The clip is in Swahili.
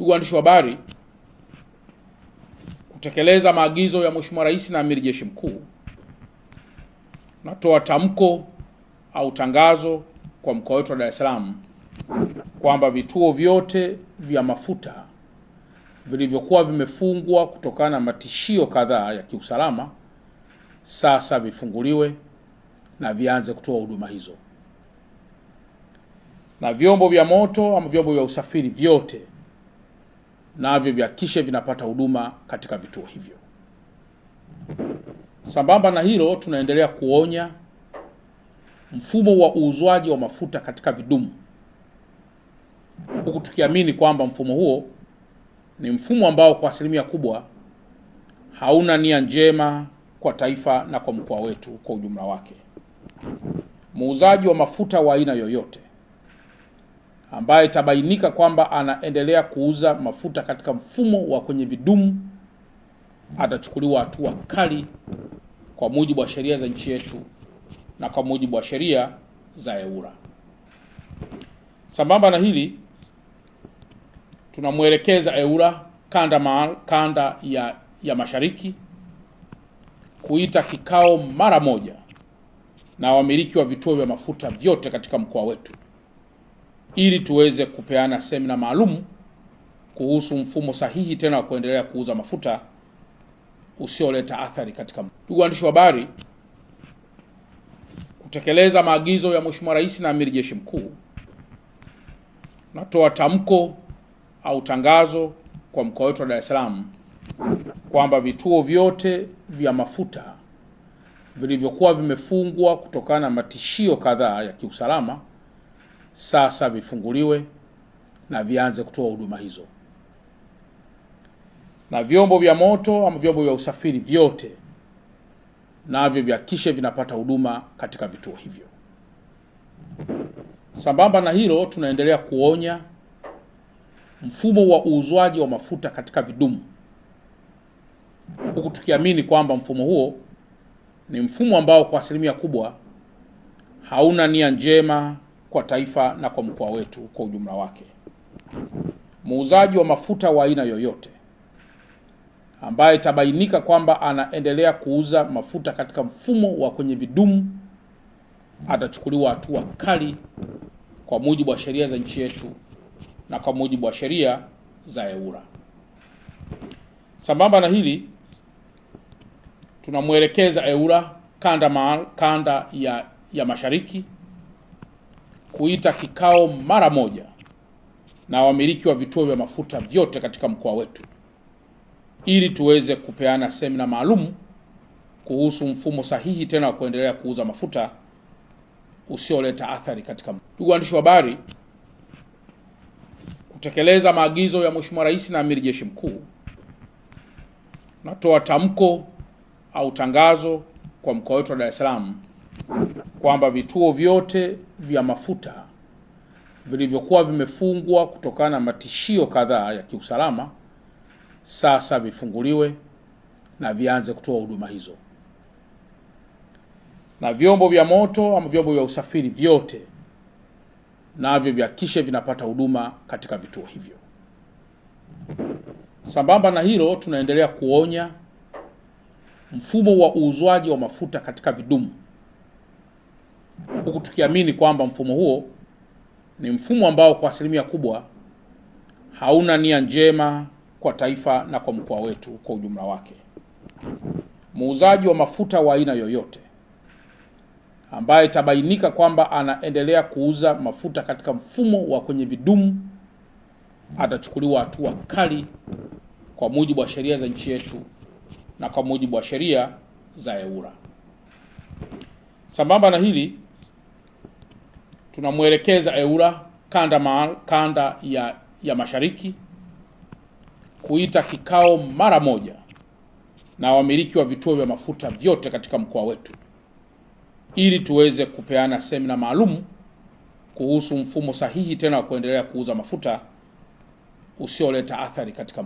Ndugu waandishi wa habari, kutekeleza maagizo ya Mheshimiwa Rais na Amiri Jeshi Mkuu, natoa tamko au tangazo kwa mkoa wetu wa Dar es Salaam kwamba vituo vyote vya mafuta vilivyokuwa vimefungwa kutokana na matishio kadhaa ya kiusalama sasa vifunguliwe na vianze kutoa huduma hizo, na vyombo vya moto ama vyombo vya usafiri vyote navyo vihakikishe vinapata huduma katika vituo hivyo. Sambamba na hilo, tunaendelea kuonya mfumo wa uuzwaji wa mafuta katika vidumu, huku tukiamini kwamba mfumo huo ni mfumo ambao kwa asilimia kubwa hauna nia njema kwa taifa na kwa mkoa wetu kwa ujumla wake. Muuzaji wa mafuta wa aina yoyote ambaye itabainika kwamba anaendelea kuuza mafuta katika mfumo wa kwenye vidumu, atachukuliwa hatua kali kwa mujibu wa sheria za nchi yetu na kwa mujibu wa sheria za EWURA. Sambamba na hili, tunamwelekeza EWURA kanda, maal, kanda ya, ya mashariki kuita kikao mara moja na wamiliki wa vituo vya mafuta vyote katika mkoa wetu ili tuweze kupeana semina maalum kuhusu mfumo sahihi tena wa kuendelea kuuza mafuta usioleta athari katika. Ndugu waandishi wa habari, kutekeleza maagizo ya Mheshimiwa Rais na Amiri Jeshi Mkuu, natoa tamko au tangazo kwa mkoa wetu wa Dar es Salaam kwamba vituo vyote vya mafuta vilivyokuwa vimefungwa kutokana na matishio kadhaa ya kiusalama sasa vifunguliwe na vianze kutoa huduma hizo, na vyombo vya moto ama vyombo vya usafiri vyote navyo vihakikishe vinapata huduma katika vituo hivyo. Sambamba na hilo, tunaendelea kuonya mfumo wa uuzwaji wa mafuta katika vidumu, huku tukiamini kwamba mfumo huo ni mfumo ambao kwa asilimia kubwa hauna nia njema kwa taifa na kwa mkoa wetu kwa ujumla wake. Muuzaji wa mafuta wa aina yoyote ambaye itabainika kwamba anaendelea kuuza mafuta katika mfumo wa kwenye vidumu atachukuliwa hatua kali kwa mujibu wa sheria za nchi yetu na kwa mujibu wa sheria za EWURA. Sambamba na hili, tunamwelekeza EWURA kanda, kanda ya, ya mashariki kuita kikao mara moja na wamiliki wa vituo vya mafuta vyote katika mkoa wetu ili tuweze kupeana semina maalum kuhusu mfumo sahihi tena wa kuendelea kuuza mafuta usioleta athari katika. Ndugu waandishi wa habari, kutekeleza maagizo ya Mheshimiwa Rais na Amiri Jeshi Mkuu, natoa tamko au tangazo kwa mkoa wetu wa Dar es Salaam kwamba vituo vyote vya mafuta vilivyokuwa vimefungwa kutokana na matishio kadhaa ya kiusalama sasa vifunguliwe na vianze kutoa huduma hizo, na vyombo vya moto ama vyombo vya usafiri vyote navyo vihakikishe vinapata huduma katika vituo hivyo. Sambamba na hilo, tunaendelea kuonya mfumo wa uuzwaji wa mafuta katika vidumu huku tukiamini kwamba mfumo huo ni mfumo ambao kwa asilimia kubwa hauna nia njema kwa taifa na kwa mkoa wetu kwa ujumla wake. Muuzaji wa mafuta wa aina yoyote ambaye itabainika kwamba anaendelea kuuza mafuta katika mfumo wa kwenye vidumu atachukuliwa hatua kali kwa mujibu wa sheria za nchi yetu na kwa mujibu wa sheria za EWURA. Sambamba na hili tunamwelekeza EWURA kanda, ma, kanda ya, ya mashariki kuita kikao mara moja na wamiliki wa vituo vya mafuta vyote katika mkoa wetu ili tuweze kupeana semina maalum kuhusu mfumo sahihi tena wa kuendelea kuuza mafuta usioleta athari katika